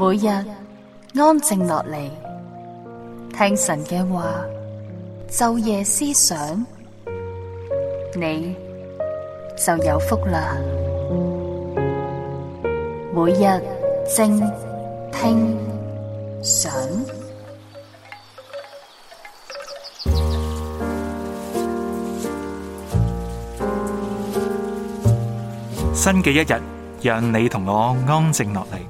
每日安靜落嚟，聽神嘅話，晝夜思想，你就有福啦。每日靜聽想，新嘅一日，讓你同我安靜落嚟。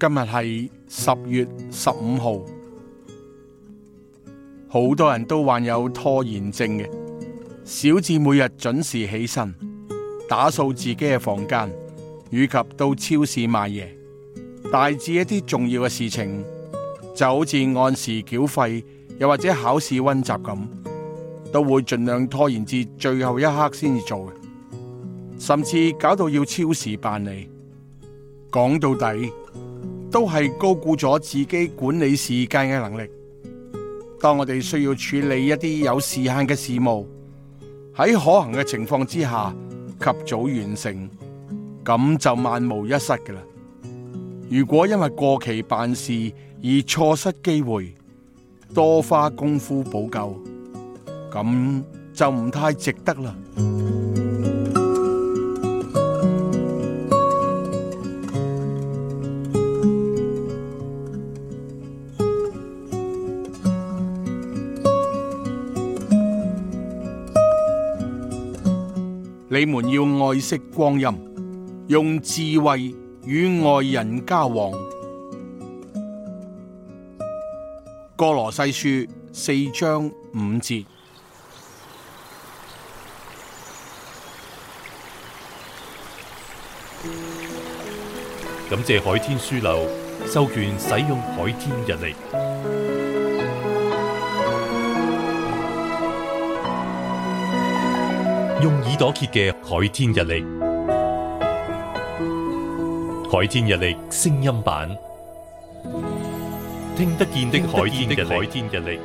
今日係十月十五號，好多人都患有拖延症嘅，小至每日準時起身打掃自己嘅房間，以及到超市買嘢；大至一啲重要嘅事情，就好似按時繳費，又或者考試溫習咁，都會盡量拖延至最後一刻先至做，甚至搞到要超時辦理。講到底。都係高估咗自己管理時間嘅能力。當我哋需要處理一啲有時限嘅事務，喺可行嘅情況之下及早完成，咁就萬無一失噶啦。如果因為過期辦事而錯失機會，多花功夫補救，咁就唔太值得啦。你們要愛惜光陰，用智慧與外人交往。哥羅西書四章五節。感謝海天書樓授權使用海天日曆。用耳朵揭嘅《海天日曆》，《海天日曆》聲音版，聽得見的《海天日曆》，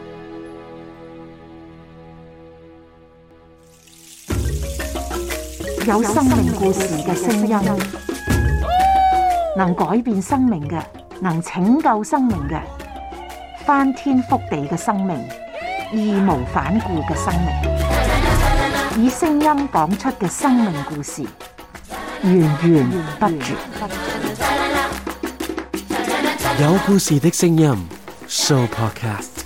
有生命故事嘅聲音，能改變生命嘅，能拯救生命嘅，翻天覆地嘅生命，義無反顧嘅生命。以聲音講出嘅生命故事，源源不絕。有故事嘅聲音，Sooo Podcast。